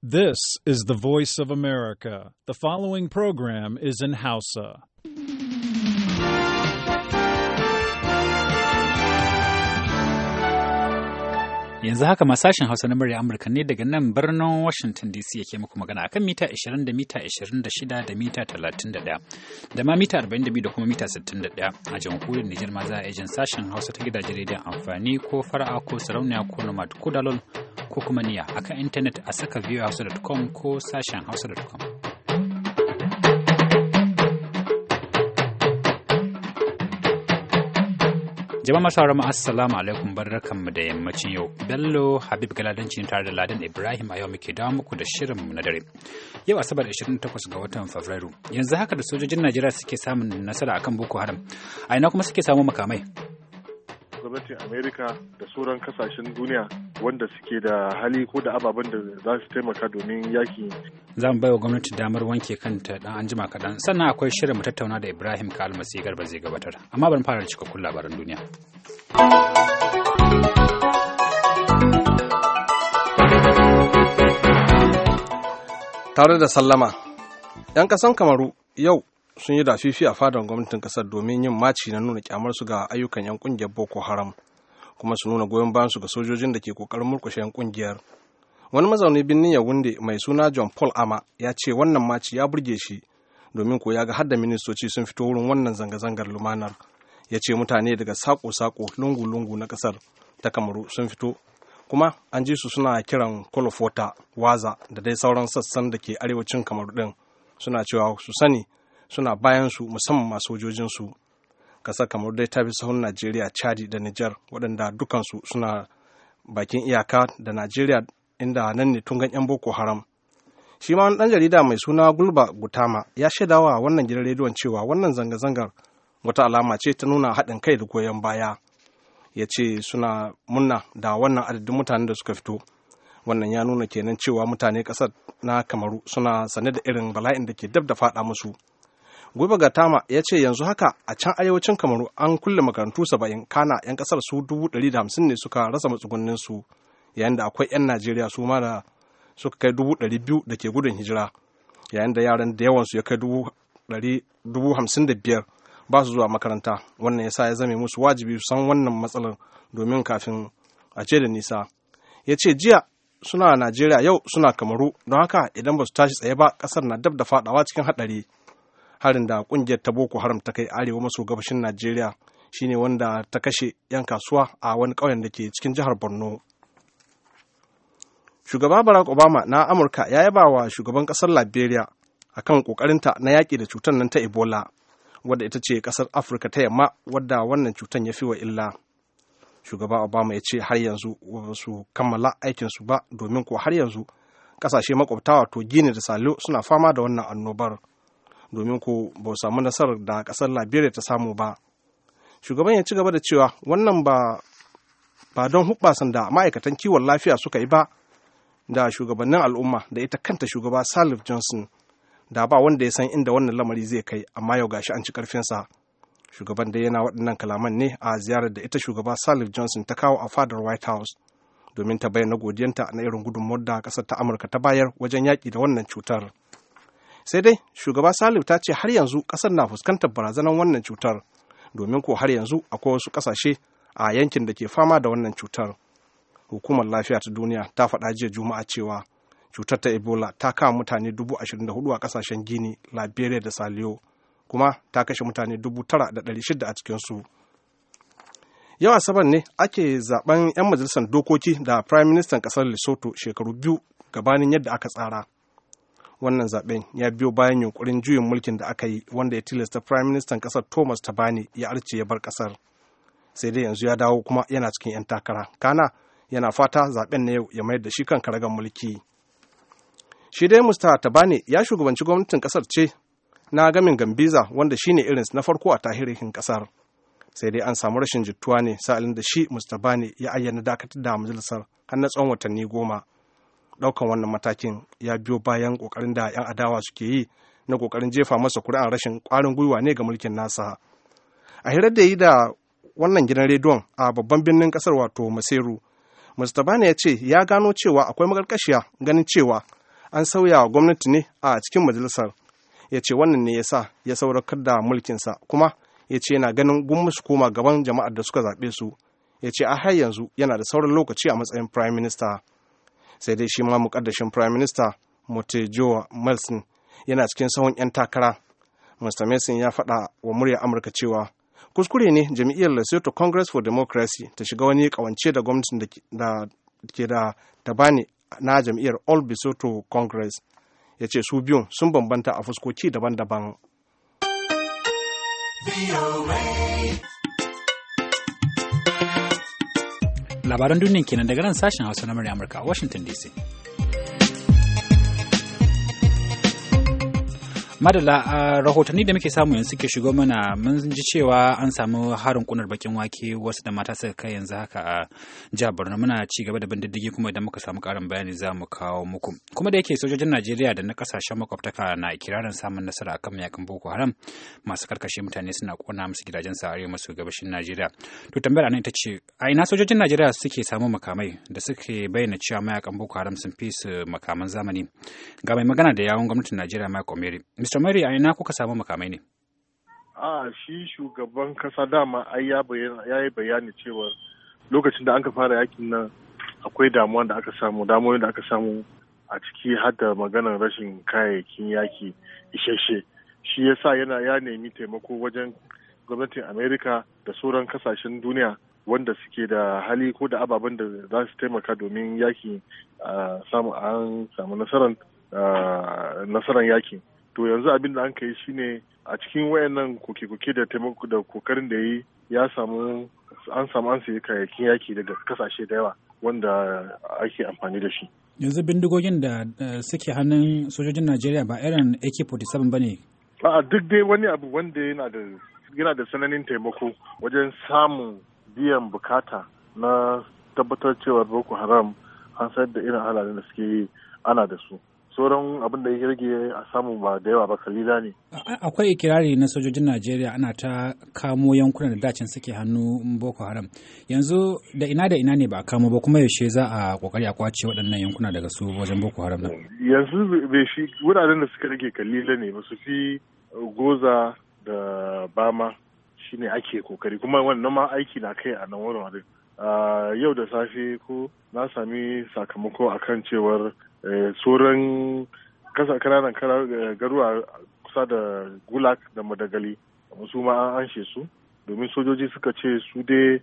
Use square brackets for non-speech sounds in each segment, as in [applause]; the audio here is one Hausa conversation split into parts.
This is the voice of America. The following program is in Hausa. Yanzu haka ma sashen Hausa na murya Amurka ne daga nan birnin Washington DC yake muku magana akan mita 20 da mita 26 da mita 31 da ma mita 42 da kuma mita 61 a jamhuriyar Nijar ma za a yi jin sashen Hausa ta gidajen rediyon amfani ko fara'a ko sarauniya ko nomad ko dalol ko kuma niya kan intanet a saka voahausa.com ko sashen hausa.com. jama'a masu haramu assalamu alaikum mu da yammacin yau bello habib galadancin tare da ladan ibrahim a yau muke dawo muku da shirin na dare yau asabar 28 ga watan fabrairu yanzu haka da sojojin najeriya suke samun nasara akan boko haram a ina kuma suke samun makamai gwamnatin amerika da sauran kasashen duniya wanda suke da hali ko da ababen da za su taimaka domin yaki za mu baiwa gwamnati damar wanke kanta dan anjima kaɗan sannan akwai shirin mu tattauna da ibrahim ka almasi garba zai gabatar amma ban fara cika cikakkun labaran duniya tare da sallama 'yan kasan kamaru yau sun yi dafifi a fadar gwamnatin kasar domin yin maci na nuna kyamarsu ga ayyukan 'yan kungiyar boko haram kuma su nuna goyon bayansu ga sojojin da ke kokarin murkushe 'yan kungiyar wani mazauni birnin wunde mai suna john paul ama ya ce wannan maci ya burge shi domin ko ya ga hadda ministoci sun fito wurin wannan zanga-zangar lumanar ya ce mutane daga sako-sako lungu-lungu na kasar ta kamaru sun fito kuma an ji su suna kiran kolofota waza da dai sauran sassan da ke arewacin kamaru din suna cewa su sani suna bayan su musamman ma sojojinsu kasa kamar dai ta fi sahun najeriya chadi da Nijar, waɗanda dukansu suna bakin iyaka da najeriya inda nan ne tungan 'yan boko haram shi ma wani ɗan jarida mai suna gulba gutama ya shaidawa wannan gidan rediyon cewa wannan zanga-zangar wata alama ce ta nuna haɗin kai da goyon baya ya ce suna munna da wannan adadin mutanen da suka fito wannan ya nuna kenan cewa mutane ƙasar na kamaru suna sane da irin bala'in da ke dab da faɗa musu guba ga tama ya ce yanzu haka a can arewacin kamaru an kulle makarantu saba'in kana 'yan kasar su dubu ɗari da hamsin ne suka rasa matsugunnin su yayin da akwai 'yan najeriya su ma da suka kai dubu ɗari biyu da ke gudun hijira yayin da yaran da yawansu ya kai dubu hamsin da biyar ba su zuwa makaranta wannan ya sa ya zame musu wajibi su san wannan matsalar domin kafin a ce da nisa ya ce jiya suna najeriya yau suna kamaru don haka idan ba su tashi tsaye ba kasar na dab da fadawa cikin haɗari harin da kungiyar ta boko haram ta kai arewa maso gabashin najeriya shine wanda ta kashe 'yan kasuwa a wani ƙauyen da ke cikin jihar borno shugaba barack obama na amurka ya yaba wa shugaban ƙasar liberia a kan kokarinta na yaƙi da cutar nan ta ebola wadda ita ce ƙasar afirka ta yamma wadda wannan cutar ya fi wa illa shugaba obama ya ce har yanzu su kammala aikinsu ba domin ko har yanzu ƙasashe makwabta wato gini da salo suna fama da wannan annobar domin ko ba samu nasarar da kasar liberia ta samu ba shugaban ya ci gaba da cewa wannan ba ba don hubbasan da ma'aikatan kiwon lafiya suka yi ba da shugabannin al'umma da ita kanta shugaba salif johnson da ba wanda ya san inda wannan lamari zai kai amma yau gashi an ci karfinsa shugaban da yana waɗannan kalaman ne a ziyarar da ita shugaba salif johnson ta kawo a fadar white house domin ta bayyana godiyanta na irin gudunmuwar da ƙasar ta amurka ta bayar wajen yaƙi da wannan cutar. sai dai shugaba salim ta ce har yanzu kasar na fuskantar barazanar wannan cutar domin ko har yanzu akwai wasu kasashe a yankin da ke fama da wannan cutar hukumar lafiya ta duniya ta faɗa jiya juma'a cewa cutar ta ebola ta kama mutane dubu ashirin a kasashen gini liberia da saliyo kuma ta kashe mutane dubu tara da ɗari shida a cikinsu yau asabar ne ake zaben 'yan majalisar dokoki da prime ministan kasar lesotho shekaru biyu gabanin yadda aka tsara wannan zaben ya biyo bayan yunkurin juyin mulkin da aka yi wanda ya tilasta prime minister kasar thomas tabani ya arce ya bar kasar sai dai yanzu ya dawo kuma yana cikin 'yan takara kana yana fata zaben na yau ya mayar da shi kan karagar mulki shi dai musta tabani ya shugabanci gwamnatin kasar ce na gamin gambiza wanda shine irinsu na farko a tahirihin kasar sai dai an samu rashin jituwa ne sa'ilin da shi musta bani ya ayyana dakatar da majalisar har na tsawon watanni goma daukan wannan matakin ya biyo bayan kokarin da 'yan adawa suke yi na kokarin jefa masa kuri'an rashin kwarin gwiwa ne ga mulkin nasa a hirar da yi da wannan gidan rediyon a babban birnin ƙasar wato maseru mustapha ne ya ce ya gano cewa akwai makarkashiya ganin cewa an sauya wa gwamnati ne a cikin majalisar ya ce wannan ne ya sa ya saurakar da mulkinsa kuma ya ce yana ganin gumma su koma gaban jama'ar da suka zaɓe su ya ce a har yanzu yana da sauran lokaci a matsayin prime minister sai dai shi ma mukaddashin prime minister motejo melson yana cikin sahun 'yan takara mr mason ya faɗa wa murya amurka cewa kuskure ne jam'iyyar lesotho congress for democracy ta shiga wani kawance da gwamnatin da ke da tabani na jam'iyyar all bisoto congress ya ce su biyun sun bambanta a fuskoki daban-daban. labaran duniya kenan daga nan sashen hausa na murya amurka washington dc madala a rahotanni da muke samu yanzu suke shigo mana mun ji cewa an samu harin kunar bakin wake wasu da mata suka kai yanzu haka a jihar borno muna ci gaba da bin kuma idan muka samu karin bayani za mu kawo muku kuma da yake sojojin najeriya da na kasashen makwabtaka na kirarin samun nasara akan mayakan boko haram masu karkashe mutane suna kona musu gidajen su a maso gabashin najeriya to tambayar anan ita ce a ina sojojin najeriya suke samu makamai da suke bayyana cewa mayakan boko haram sun fi su makaman zamani ga mai magana da yawon gwamnatin najeriya mike omeri Mr. mary a ina kuka samu makamai ne? A shi shugaban kasa dama ya yi bayani cewa lokacin da anka fara yakin nan akwai damuwa da aka samu damuwa da aka samu a ciki har maganar rashin kayayyakin yaki isheshe shi yasa yana ya nemi taimako wajen gwamnatin amerika da sauran kasashen duniya wanda suke da hali ko da ababen da za su taimaka domin yaki samu an samu nasarar yakin to yanzu abin da an yi shine a cikin wayannan koke-koke da taimako da kokarin da yi ya samu an samu an sayi kayayyakin yaki daga kasashe da yawa wanda ake amfani da shi yanzu bindigogin da suke hannun sojojin najeriya ba irin ak-47 ba ne a duk dai wani abu wanda yana da yana da sananin taimako wajen samun biyan bukata na tabbatar cewa boko haram an sayar da irin halayen da suke yi ana da su sauran abin da ya rage a samu ba da yawa ba kalila ne. Akwai ikirari na sojojin Najeriya ana ta kamo yankunan da dacin suke hannu Boko Haram. Yanzu da ina da ina ne ba kamo ba kuma yaushe za a kokari a kwace waɗannan yankuna daga su wajen Boko Haram nan. Yanzu bai shi wuraren da suka rage kalila ne ba su fi goza da bama shine ake kokari kuma wannan ma aiki na kai a nan wurin yau da safe ko na sami sakamako akan cewar tsoron eh, kasa kananan garuwa kusa da gulak da madagali su ma an anshe su domin sojoji suka ce su dai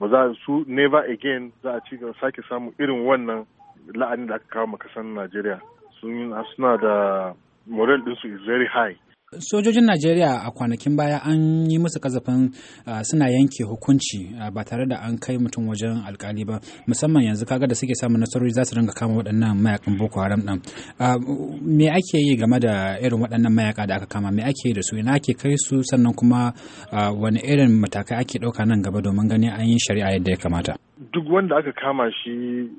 ba za su never again za a ci sake samun irin wannan la'anin da aka kawo makasan najeriya suna da moral ɗinsu is very high sojojin najeriya a kwanakin baya an yi musu kazafin suna yanke hukunci ba tare da an kai mutum wajen alkali ba musamman yanzu kaga da suke samun nasarori za su ringa kama waɗannan mayakan boko haram ɗin me ake yi game da irin waɗannan mayaka da aka kama me ake yi da su ina ake kai su sannan kuma wani irin matakai ake ɗauka nan gaba domin ganin an yi shari'a yadda ya kamata duk wanda aka kama shi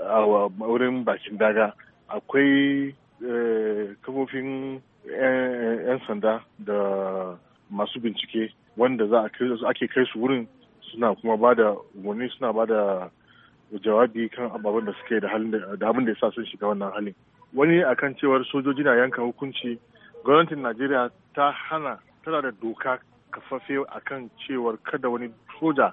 a wurin bakin daga akwai eh, kafofin 'yan sanda da masu bincike wanda za a kai su wurin suna kuma ba da umarni suna ba da jawabi kan ababen da suke da halin da abin da ya sa sun shiga wannan halin wani akan cewar sojoji na yanka hukunci gwamnatin najeriya ta hana tana da doka a akan cewar kada wani soja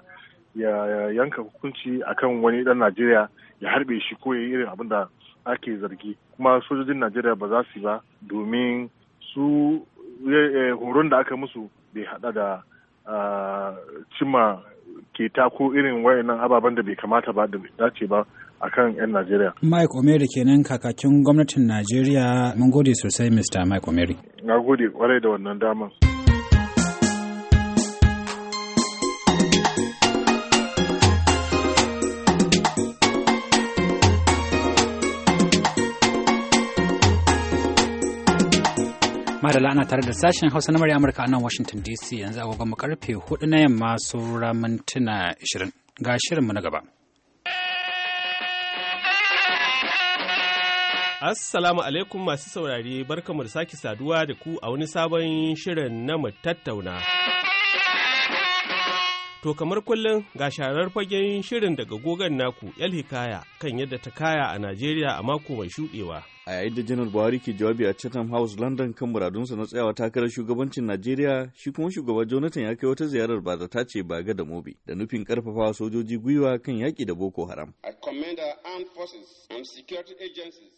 ya yanka hukunci akan wani dan najeriya ya harbe shi ko ya yi irin abin da ake zargi kuma sojojin najeriya ba za su yi ba domin su eh, eh, horon da aka musu bai hada da cima keta ko irin wayannan ababen da bai kamata ba da dace ba a kan 'yan Najeriya. Mike Omeri kenan kakakin gwamnatin Najeriya mun gode sosai Mr. Mike Omeri. Na gode kwarai da wannan damar. Madala ana tare da sashen Hausa na murya Amurka a nan Washington DC yanzu agogon mu karfe 4 na yamma saura mintuna 20. Ga shirinmu na gaba. Assalamu alaikum masu saurare barkamu da sake saduwa da ku a wani sabon shirin na mu tattauna. To kamar kullum ga sharar fagen shirin daga gogon naku 'yar Hikaya kan yadda ta kaya a Najeriya a mako mai shuɗewa. a yayin da janar buhari ke jawabi a chatham house london kan muradunsa na tsayawa takarar shugabancin najeriya shi kuma shugaba jonathan ya kai wata ziyarar ba zata ce ba ga da mobi da nufin karfafawa sojoji gwiwa kan yaƙi da boko haram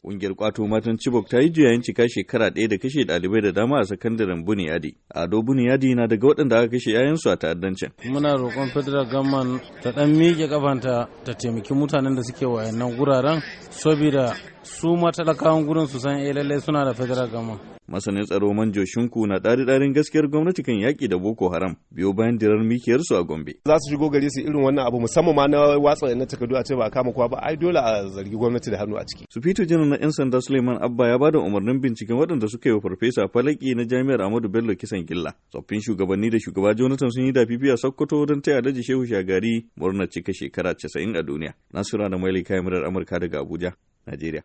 ƙungiyar kwato matan chibok ta yi juyayin cika shekara ɗaya da kashe ɗalibai da dama a sakandaren buniyadi ado buniyadi na daga waɗanda aka kashe 'ya'yansu a ta'addancin muna roƙon federal government ta ɗan miƙe kafanta ta taimaki mutanen da suke wayannan guraren saboda su matalakawan gurin su san eh, lallai suna da federal gama. Masanin tsaro Manjo Shinku na ɗari-ɗarin gaskiyar gwamnati kan yaƙi da Boko Haram biyo bayan dirar mikiyarsu a Gombe. Za su shigo gari su irin wannan abu musamman ma na watsa na takardu a ce ba kama kowa ba ai dole a zargi gwamnati da hannu a ciki. su fito Janar na 'yan sanda Suleiman Abba ya bada umarnin binciken waɗanda suka yi wa farfesa falaki na jami'ar Ahmadu Bello kisan gilla. Tsoffin shugabanni da shugaba Jonathan sun yi dafifi a Sokoto don taya daji Shehu Shagari murnar cika shekara casa'in a duniya. Nasura da Maili kayan murar Amurka daga Abuja. Najeriya.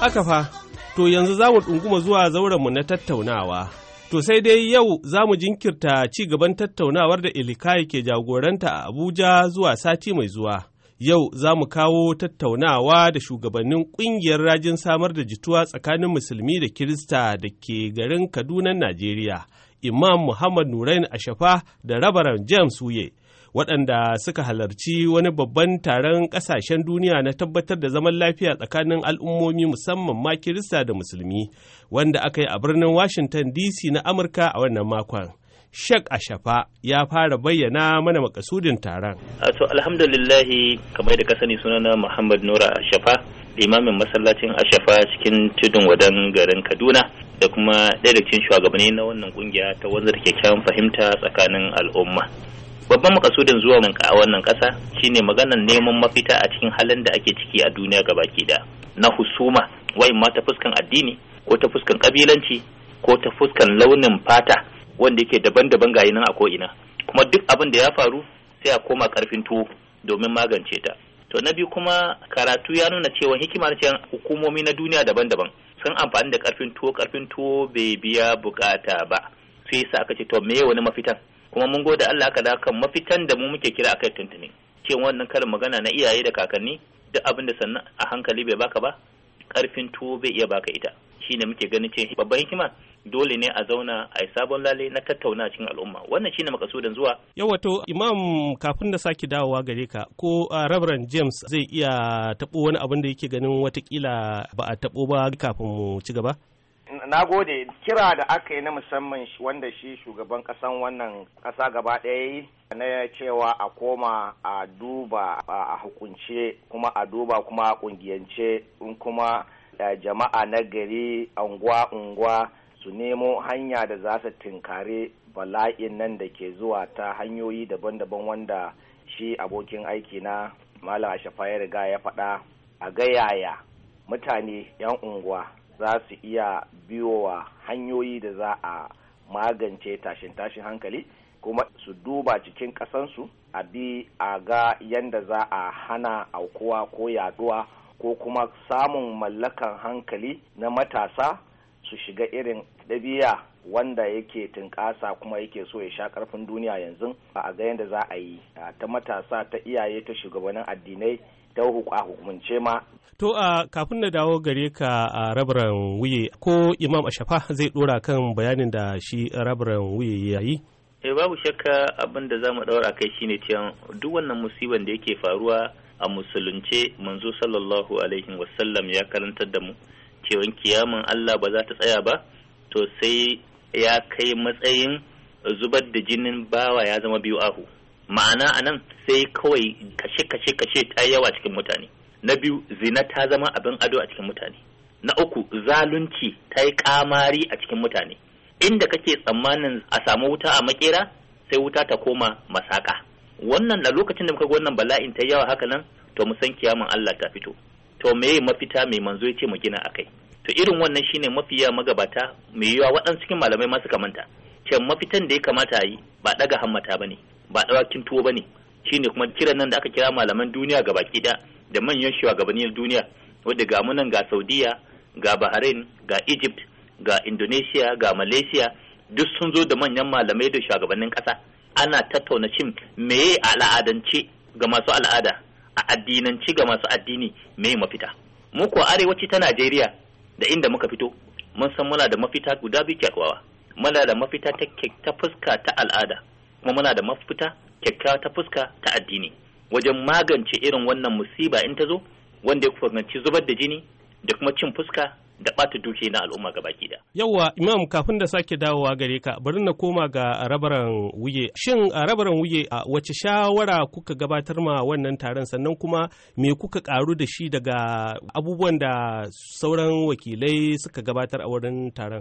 Aka fa, to yanzu za mu ɗunguma zuwa zaurenmu na tattaunawa. To sai dai yau za mu jinkirta ci gaban tattaunawar da Ilikai ke jagoranta a Abuja zuwa sati mai zuwa. Yau za mu kawo tattaunawa da shugabannin ƙungiyar rajin samar da jituwa tsakanin musulmi da Kirista da ke garin Kaduna, Najeriya, Imam Muhammad Nurain Ashafa da Rabaran James Wuye. waɗanda suka halarci wani babban taron ƙasashen duniya na tabbatar da zaman lafiya tsakanin al'ummomi musamman ma Kirista da Musulmi, wanda aka yi a birnin Washington DC na Amurka a wannan makon. Shek Ashafa ya fara bayyana mana makasudin taron. To alhamdulillahi kamar da ka sani sunana Muhammad Nura Ashafa, limamin masallacin Ashafa cikin tudun wadan garin Kaduna da kuma ɗaya da cikin shugabanni na wannan kungiya ta wanzar kyakkyawan fahimta tsakanin al'umma. babban makasudin zuwa a wannan ƙasa shine maganar neman mafita a cikin halin da ake ciki a duniya ke da na husuma wai ma ta fuskan addini ko ta fuskan kabilanci ko ta fuskan launin fata wanda yake daban-daban gayi nan a ina, kuma duk abin da ya faru sai a koma karfin tuwo domin magance ta to na biyu kuma karatu ya nuna cewa hikima na cewa hukumomi na duniya daban-daban sun amfani da karfin tuwo karfin tuwo bai biya bukata ba sai sa aka ce to me wani mafitan kuma mun gode Allah aka da kan mafitan da mu muke kira akai tuntuni ce wannan karin magana na iyaye da kakanni duk abin da sannan a hankali bai baka ba karfin tuwo bai iya baka ita shi ne muke ganin ce babban hikima dole ne a zauna a yi sabon lale na tattauna cikin al'umma wannan shi ne makasudan zuwa yawato imam kafin da sake dawowa gare ka ko ah, reverend james zai iya tabo wani abin da yake ganin watakila ba a tabo ba kafin mu ci gaba na gode kira da aka yi na musamman wanda shi shugaban kasan wannan kasa gaba ɗaya yi na cewa a koma a duba a hukunce kuma a duba kuma a kungiyance in kuma eh, jama'a na gari unguwa unguwa su nemo hanya da za su tinkare bala'in nan da ke zuwa ta hanyoyi daban-daban wanda shi abokin aiki na malam shafa ya riga ya faɗa a ga yaya mutane 'yan unguwa za su iya biyowa hanyoyi da za a magance tashin tashin hankali kuma su duba cikin ƙasansu a bi a ga yadda za a hana aukuwa ko yaduwa ko kuma samun mallakan hankali na matasa su shiga irin ɗabi'a wanda yake tunƙasa kuma yake so ya sha ƙarfin duniya yanzu ba a ga yadda za a yi ta matasa ta iyaye ta shugabannin addinai ta hukumance ma. To a kafin na dawo gare ka a rabaran wuye ko Imam Ashafa zai dora kan bayanin da shi rabaran wuye ya yi? Eh babu shakka abin da za mu daura kai shine cewa duk wannan musiban da yake faruwa a musulunce manzo sallallahu alaihi wasallam ya karantar da mu cewa kiyaman Allah ba za ta tsaya ba to sai ya kai matsayin zubar da jinin bawa ya zama biyu ahu ma'ana a nan sai kawai kashe kashe kashe ta yawa cikin mutane na biyu zina ta zama abin ado a cikin mutane na uku zalunci ta yi kamari a cikin mutane inda kake tsammanin a samu wuta a makera sai wuta ta koma masaka wannan na lokacin da muka ga wannan bala'in ta yawa haka nan to mu san kiyaman Allah ta fito to me mafita mai manzo ya ce mu gina akai to irin wannan shine mafiya magabata mai yawa waɗansu cikin malamai ma suka manta mafitan da ya kamata a yi ba ɗaga hammata ba ne ba dawakin tuwo ba bane shine kuma kiran nan da aka kira malaman duniya ga baki da da manyan shugabannin duniya wanda ga munan ga Saudiya ga Bahrain ga Egypt ga Indonesia ga Malaysia duk sun zo da manyan malamai da shugabannin ƙasa. ana tattauna shin meye a al'adance ga masu al'ada a addinanci ga masu addini meye mafita mu ko arewaci ta Najeriya da inda muka fito mun san muna da mafita guda biyu kyakkyawa muna da mafita ta fuska ta al'ada kuma muna da mafita kyakkyawa ta fuska ta addini wajen magance irin wannan musiba in ta zo wanda ya kufanci zubar da jini da kuma cin fuska da ɓata duke na al'umma gabaki da. Yawwa imam kafin da sake dawowa gare ka bari na koma ga rabaran wuye. Shin a rabaran wuye a wace shawara kuka gabatar ma wannan taron sannan kuma me kuka karu da shi daga abubuwan da sauran wakilai suka gabatar a wurin taron?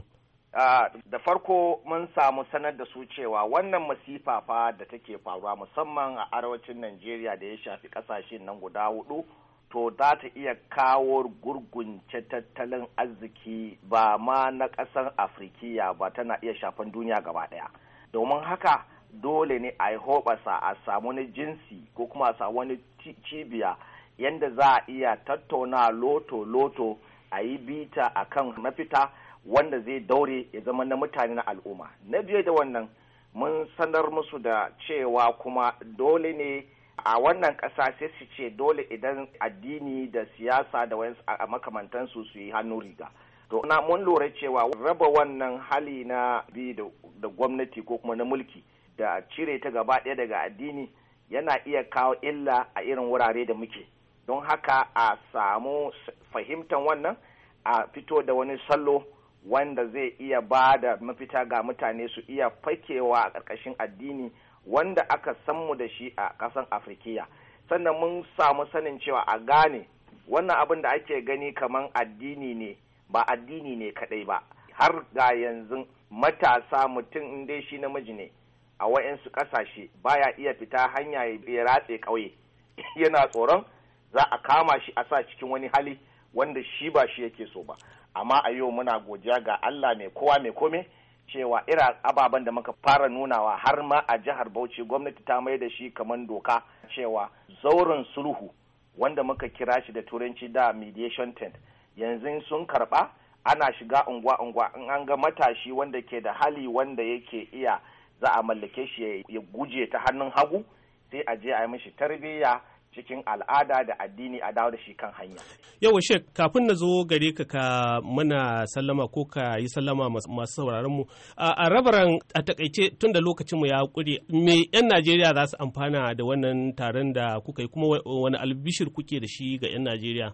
da farko mun samu sanar da su cewa wannan masifa fa da take faruwa musamman a arewacin najeriya da ya shafi kasashen nan guda hudu to za ta iya kawo gurgunce tattalin arziki ba ma na ƙasar afirkiya ba tana iya shafan duniya gaba daya domin haka dole ne a yi hoɓasa a samu wani jinsi ko kuma a samu wani cibiya yadda za a iya tattauna loto-loto a yi bita a kan mafita wanda zai daure ya zama na mutane na al'umma na biyu da wannan mun sanar musu da cewa kuma dole ne a wannan ƙasa sai su ce dole idan addini da siyasa da wayansu a makamantansu su yi hannu riga to na mun lura cewa raba wannan hali na bi da gwamnati ko kuma na mulki da cire ta gaba ɗaya daga addini yana iya kawo illa a irin wurare da muke don haka a samu fahimtar wannan a fito da wani sallo wanda zai iya ba da mafita ga mutane su iya fakewa a ƙarƙashin addini wanda aka san mu da shi a ƙasan afirkiya sannan mun samu sanin cewa a gane wannan abin da ake gani kaman addini ne ba addini ne kaɗai ba har ga yanzu matasa mutum in dai shi namiji ne a wayansu ƙasashe baya iya fita hanya ya ratse ƙauye [laughs] yana tsoron za a kama shi a sa cikin wani hali wanda shi ba shi yake so ba amma a yau muna godiya ga Allah mai kowa mai komai. cewa ira ababen da muka fara nunawa har ma a jihar Bauchi gwamnati ta mai da shi kamar doka cewa zauren sulhu wanda muka kira shi da turanci da mediation tent yanzu sun karba ana shiga unguwa unguwa in an ga matashi wanda ke da hali wanda yake iya za a mallake shi ya guje ta hannun hagu sai a je a yi mishi tarbiyya cikin al'ada da addini a dawo da shi kan hanya. Yawan shek kafin na zo gare ka ka muna sallama ko ka yi sallama masu sauraron mu a rabaran a takaice tun da lokacin mu ya kure me yan Najeriya za su amfana da wannan taron da kuka yi kuma wani albishir kuke da shi ga yan Najeriya.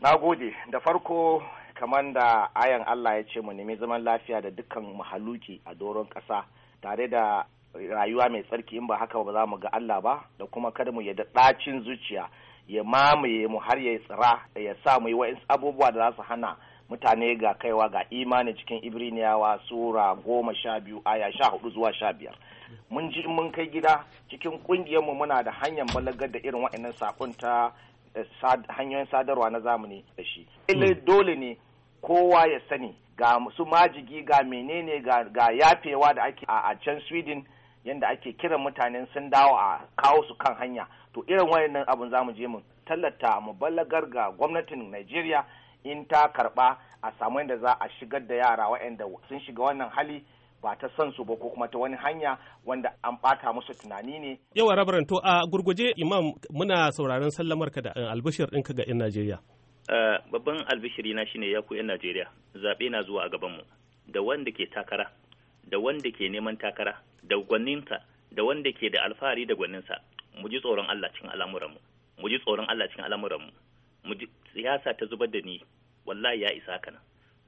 Na gode da farko kamar da ayan Allah ya ce mu nemi zaman lafiya da dukkan mahaluki a doron ƙasa tare da rayuwa mai tsarki in ba haka ba za mu ga Allah ba da kuma kada mu yadda ɗacin zuciya ya mamaye mu har ya tsira da ya sa mu yi wa'insu abubuwa da za su hana mutane ga kaiwa ga imani cikin ibriniyawa sura goma sha biyu aya sha hudu zuwa sha biyar mun ji mun kai gida cikin mu muna da hanyar balagar da irin wa'annan sakon ta eh, hanyoyin sadarwa na zamani da shi hmm. dole ne kowa ya sani ga su majigi ga menene ga yafewa da ake a can sweden yadda ake kiran mutanen sun dawo a kawo su kan hanya to irin wayannan abin zamu je mu tallata mu balagar ga gwamnatin Najeriya in ta karba a samu yadda za a shigar da yara wayanda sun shiga wannan hali ba ta son su ba ko kuma ta wani hanya wanda an bata musu tunani ne. Yawa rabaran to a gurguje imam muna sauraron sallamar ka da eh, albishir ɗinka ga 'yan Najeriya. Eh, babban albishiri na shine ya ku 'yan Najeriya zaɓe na zuwa a gabanmu da wanda ke takara da wanda ke neman takara da gwaninsa da wanda ke da alfahari da gwaninsa mu ji tsoron Allah cikin al'amuranmu mu ji tsoron Allah cikin al'amuranmu mu ji siyasa ta zubar da ni wallahi ya isa kana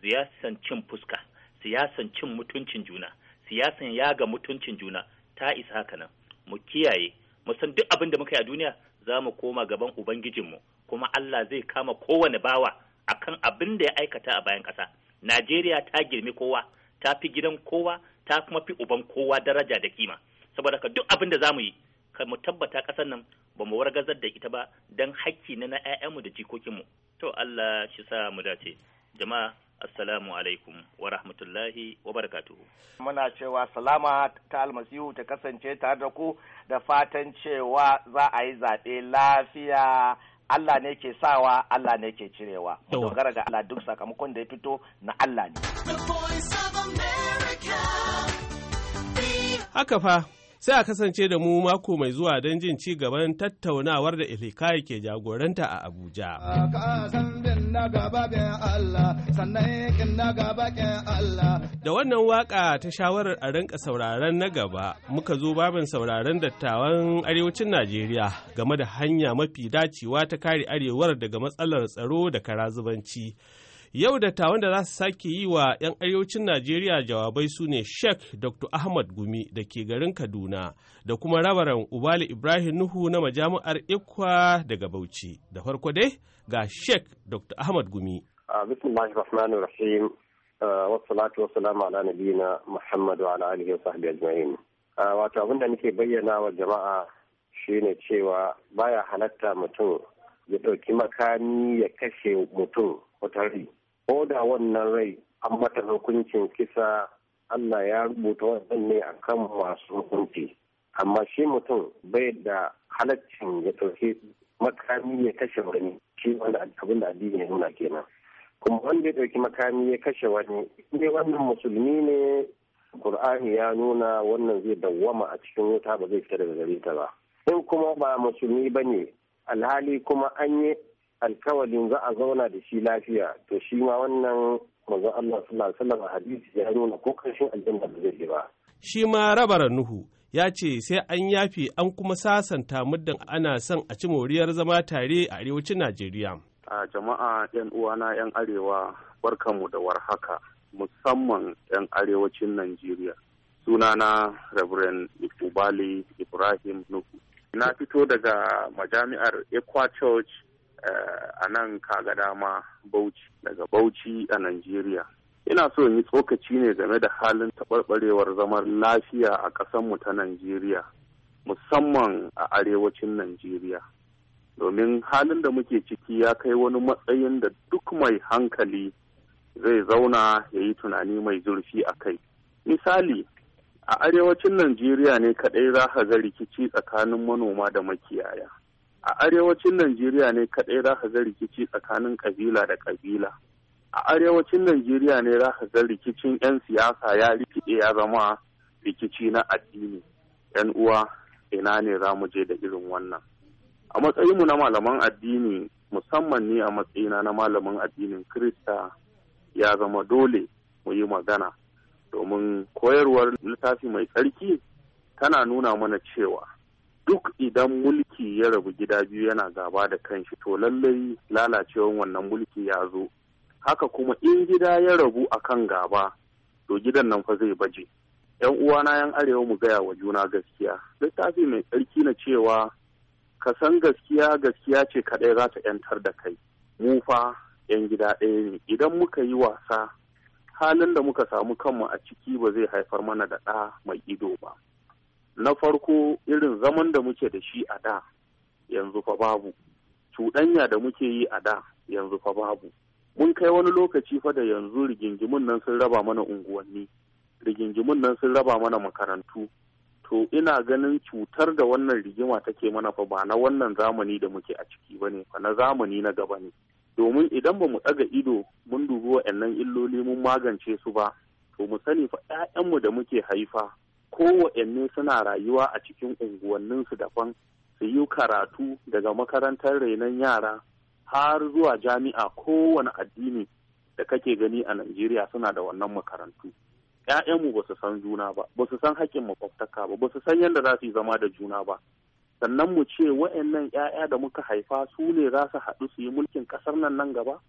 siyasan cin fuska siyasan cin mutuncin juna siyasan yaga mutuncin juna ta isa kana mu kiyaye mu san duk abin da muka yi a duniya za mu koma gaban ubangijin mu kuma Allah zai kama kowane bawa akan abin da ya aikata a bayan ƙasa Najeriya ta girmi kowa ta fi gidan kowa ta kuma fi uban kowa daraja da kima saboda ka duk abin da mu yi ka mu tabbata kasar nan ba mu wargazar da ita ba don hakki na ƴaƴanmu da jikokinmu to Allah shi sa mu dace jama'a assalamu alaikum wa rahmatullahi wa barakatuhu muna cewa salama ta almasihu ta kasance tare da ku da fatan cewa za a yi zaɓe lafiya Allah ne ke sawa Allah ne ke cirewa dogara ga Allah duk sakamakon da ya fito na Allah ne Haka fa, sai a kasance da mu mako mai zuwa don jin ci gaban tattaunawar da Ilikai ke jagoranta a Abuja. Da wannan waka ta shawarar a rinka sauraron na gaba muka zo babin sauraron dattawan arewacin Najeriya game da hanya mafi dacewa ta kare arewar daga matsalar tsaro da karazubanci. Yau da dattawan da za su sake yi wa 'yan arewacin Najeriya jawabai su ne Sheikh Dr. Ahmad Gumi da ke garin Kaduna da kuma rabaran Ubali Ibrahim Nuhu na majami'ar Ikwa daga Bauchi. Da farko dai ga Sheikh Dr. Ahmad Gumi. bayyana wa jama'a shine cewa baya halatta mutum ya ɗauki makami ya kashe mutum wata rai ko da wannan rai an mata hukuncin kisa Allah ya rubuta wannan ne a kan masu hukunci amma shi mutum bai da halaccin ya ɗauki makami ya kashe wani shi wanda abin da addini ya nuna kenan kuma wanda ya ɗauki makami ya kashe wani inda wannan musulmi ne Kur'ani ya nuna wannan zai dawwama a cikin wuta ba zai fita daga gare ta ba in kuma ba musulmi ba ne alhali kuma an yi alkawalin za a zauna da shi lafiya to shi ma wannan manzon Allah sallallahu alaihi hadisi ya nuna ko karshen aljanna ba zai ba shi ma rabar nuhu ya ce sai an yafe an kuma sasanta muddin ana son a ci moriyar zama tare a arewacin Najeriya a jama'a yan uwana yan arewa barkanmu da warhaka musamman yan arewacin Najeriya sunana Reverend Ubali Ibrahim Nuhu na fito daga majami'ar Equa Church Eh, a nan kaga dama bauchi daga bauchi a Najeriya. Ina so in yi tsokaci ne game da halin taɓarɓarewar zaman lafiya a ƙasanmu ta Najeriya, musamman a arewacin Najeriya. Domin halin da muke ciki ya kai wani matsayin da duk mai hankali zai zauna ya yi tunani mai zurfi a kai. Misali, a arewacin Najeriya ne kaɗai za ga rikici tsakanin manoma da makiyaya. a arewacin najeriya ne kaɗai za ka ga rikici tsakanin ƙabila da ƙabila a arewacin najeriya ne za ka ga rikicin 'yan siyasa ya rikide ya zama rikici na addini 'yan uwa ina ne za mu je da irin wannan a matsayinmu na malaman addini musamman ni a matsayina na malamin addinin krista ya zama dole mu yi magana domin koyarwar littafi mai tsarki tana nuna mana cewa duk idan mulki ya rabu gida biyu yana gaba da kanshi to lallai lalacewan wannan mulki ya zo haka kuma in gida ya rabu a kan gaba to gidan nan fa zai baje yan uwana yan arewa mu gaya wa juna gaskiya littafi mai tsarki na cewa ka san gaskiya gaskiya ce kaɗai za ta yantar da kai mu fa yan gida ɗaya ne idan muka yi wasa halin da muka samu kanmu a ciki ba zai haifar mana da ɗa mai ido ba na farko irin zaman da muke da shi a da yanzu fa babu cuɗanya da muke yi a da yanzu fa babu mun kai wani lokaci fa da yanzu rigingimun nan sun raba mana unguwanni rigingimun nan sun raba mana makarantu to ina ganin cutar da wannan rigima take mana fa ba na wannan zamani da muke a ciki ba ne fa na zamani na gaba ne domin idan ba mu ɗaga ido mun dubi wa'annan illoli mun magance su ba to mu sani fa 'ya'yanmu da muke haifa kowanne suna rayuwa a cikin unguwanninsu daban su yi karatu daga makarantar renon yara har zuwa jami'a kowane addini da kake gani a Najeriya suna da wannan makarantu. ‘Ya'yanmu ba su san juna ba, ba su san haƙƙin makwabtaka ba, ba su san yadda za su yi zama da juna ba. Sannan mu ce wa'yannan ‘ya'ya da muka haifa su ne za su haɗu su yi mulkin ƙasar nan nan gaba?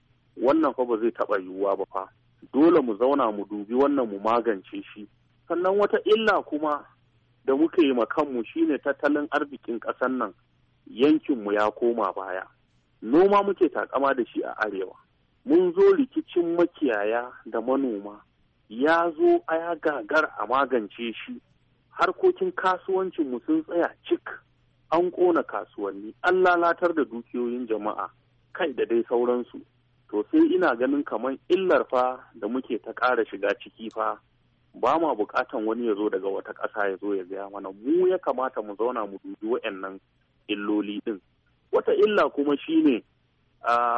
Wannan fa ba zai taɓa yiwuwa ba fa. Dole mu zauna mu dubi wannan mu magance shi. sannan wata illa kuma da muka yi kanmu shine tattalin arzikin ƙasar nan yankinmu ya koma baya noma muke takama da shi a arewa mun zo rikicin makiyaya da manoma ya zo a ya gagar a magance shi harkokin kasuwancinmu sun tsaya cik an ƙona kasuwanni an lalatar da dukiyoyin jama'a kai da dai sauransu to sai ina ganin kamar illar fa da muke ta ƙara shiga ciki fa ba ma bukatan wani ya zo daga wata ƙasa ya zo ya gaya mana mu ya kamata mu zauna mu dubi wa'annan illoli din wata illa kuma shine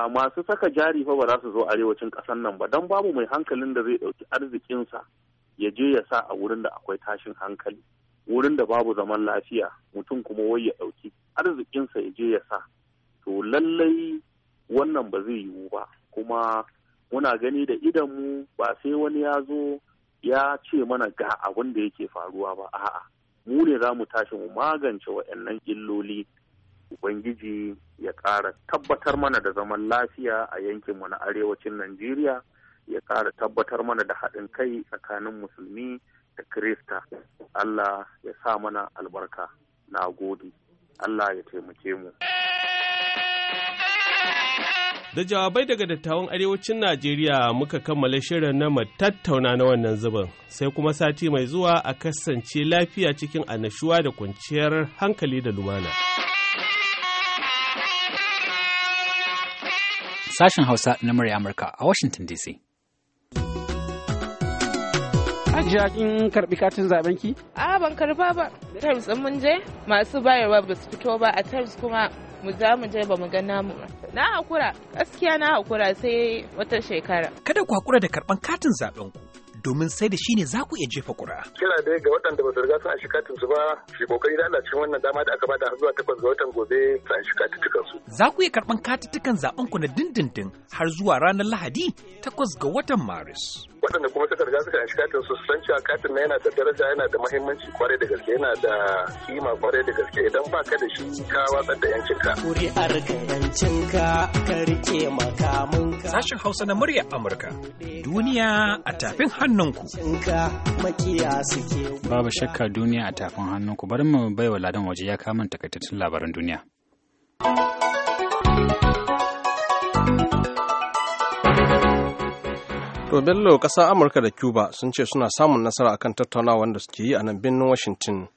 masu saka jari fa ba za su zo arewacin ƙasan nan ba don babu mai hankalin da zai ɗauki arzikinsa ya je ya sa a wurin da akwai tashin hankali wurin da babu zaman lafiya mutum kuma wai ya ɗauki arzikinsa ya je ya sa to lallai wannan ba zai yiwu ba kuma muna gani da idanmu ba sai wani ya zo ya ce mana ga abin da yake faruwa ba a'a mu ne za mu tashi mu magance waɗannan illoli ubangiji ya ƙara tabbatar mana da zaman lafiya a yankinmu na arewacin najeriya ya ƙara tabbatar mana da haɗin kai tsakanin musulmi da kirista allah ya sa mana albarka na gode allah ya taimake mu Da jawabai daga dattawan arewacin Najeriya muka kammala shirin na tattauna na wannan zubin sai kuma sati mai zuwa a kasance lafiya cikin annashuwa da kwanciyar hankali da lumana. Sashen Hausa na murya Amurka a Washington DC. Ajiya kin karbi katin zaben ki? A ban karba ba. Terms mun je masu bayarwa ba su fito ba a terms kuma mu za mu je ba mu ga namu na hakura gaskiya na hakura sai wata shekara kada ku hakura da karban katin zaben ku domin sai da shi ne za ku iya jefa ƙura. Kira dai ga waɗanda ba su riga sun shi katin su ba, shi kokari da cikin wannan dama da aka bada zuwa takwas ga watan gobe su shi katuttukan su. Za ku iya karɓan katuttukan zaɓen ku na dindindin har zuwa ranar Lahadi takwas ga watan Maris. waɗanda kuma suka riga suka shiga katin su san cewa katin na yana da daraja yana da mahimmanci kwarai da gaske yana da kima kwarai da gaske idan ba ka da shi ka watsar da yancinka. Kuri'ar ka yancinka ka rike ka? Sashen Hausa na murya Amurka. Duniya a tafin hannunku. Babu shakka duniya a tafin hannunku bari mu baiwa ladan waje ya kamun takaitattun labaran duniya. To Bello kasar Amurka da Cuba sun ce suna samun nasara akan tattaunawa wanda suke yi a nan birnin Washington.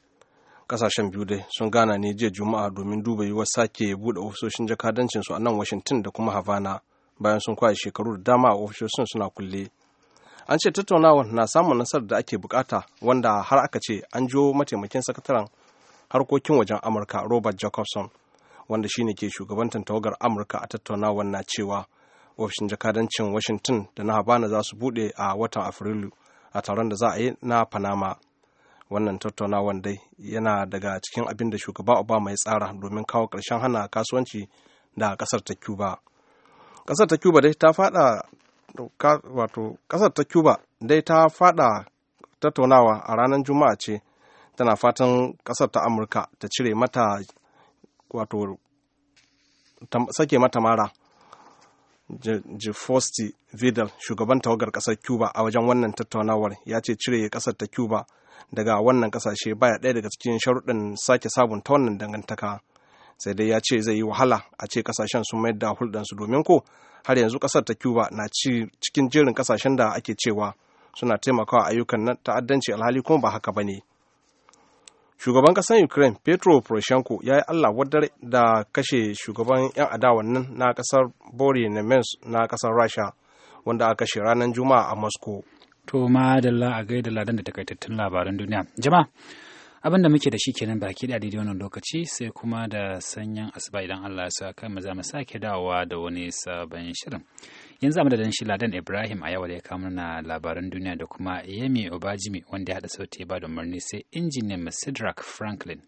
kasashen biyu dai sun gana ne jiya Juma'a domin duba yiwuwar sake buɗe ofisoshin jakadancin su a nan Washington da kuma Havana bayan sun kwaye shekaru da dama a ofisoshin suna kulle. An ce tattaunawar na samun nasarar da ake bukata wanda har aka ce an jiwo mataimakin sakataren harkokin wajen Amurka Robert Jacobson wanda shine ke shugabantar tawagar Amurka a tattaunawar na cewa ofishin jakadancin washington da na habana za su bude a watan afrilu a taron da za a yi na panama wannan tattaunawan dai yana daga cikin abin da shugaba obama ya tsara domin kawo karshen hana kasuwanci da ƙasar ta cuba kasar ta cuba dai ta fada wato kasar ta cuba dai ta fada tattaunawa a ranar juma'a ce tana fatan kasar ta amurka ta cire mata wato sake mata mara Jifosti Vidal shugaban tawagar kasar Cuba a wajen wannan tattaunawar ya ce cire kasar ta Cuba daga wannan kasashe baya ɗaya daga cikin sharuɗin sake sabunta wannan dangantaka. Sai dai ya ce zai yi wahala a ce kasashen sun mayar da hulɗansu domin ko har yanzu kasar ta Cuba na cikin jerin kasashen da ake cewa suna taimakawa ayyukan ta'addanci alhali kuma ba haka ba ne. shugaban kasar ukraine petro poroshenko ya yi allah wadar da kashe shugaban 'yan adawan nan na kasar bori nemens na kasar rasha wanda aka kashe ranar juma'a a moscow to ma da a gaida ladan da takaitattun labaran duniya jama'a abin da muke da shi kenan baki da daidai wannan lokaci sai kuma da sanyin asuba idan Allah ya sa kai mu za mu sake dawowa da wani sabon shirin yanzu amma da shi Ladan Ibrahim a yawa da ya kawo na labaran duniya da kuma Yemi Obajimi wanda ya hada sauti ba da murni sai injiniyan Sidrak Franklin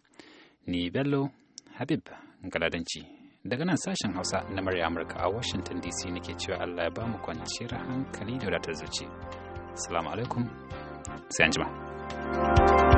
ni Bello Habib Galadanci daga nan sashen Hausa na murya Amurka a Washington DC nake cewa Allah ya ba mu kwanciyar hankali da wadatar zuci. Assalamu alaikum sai anjima. thank you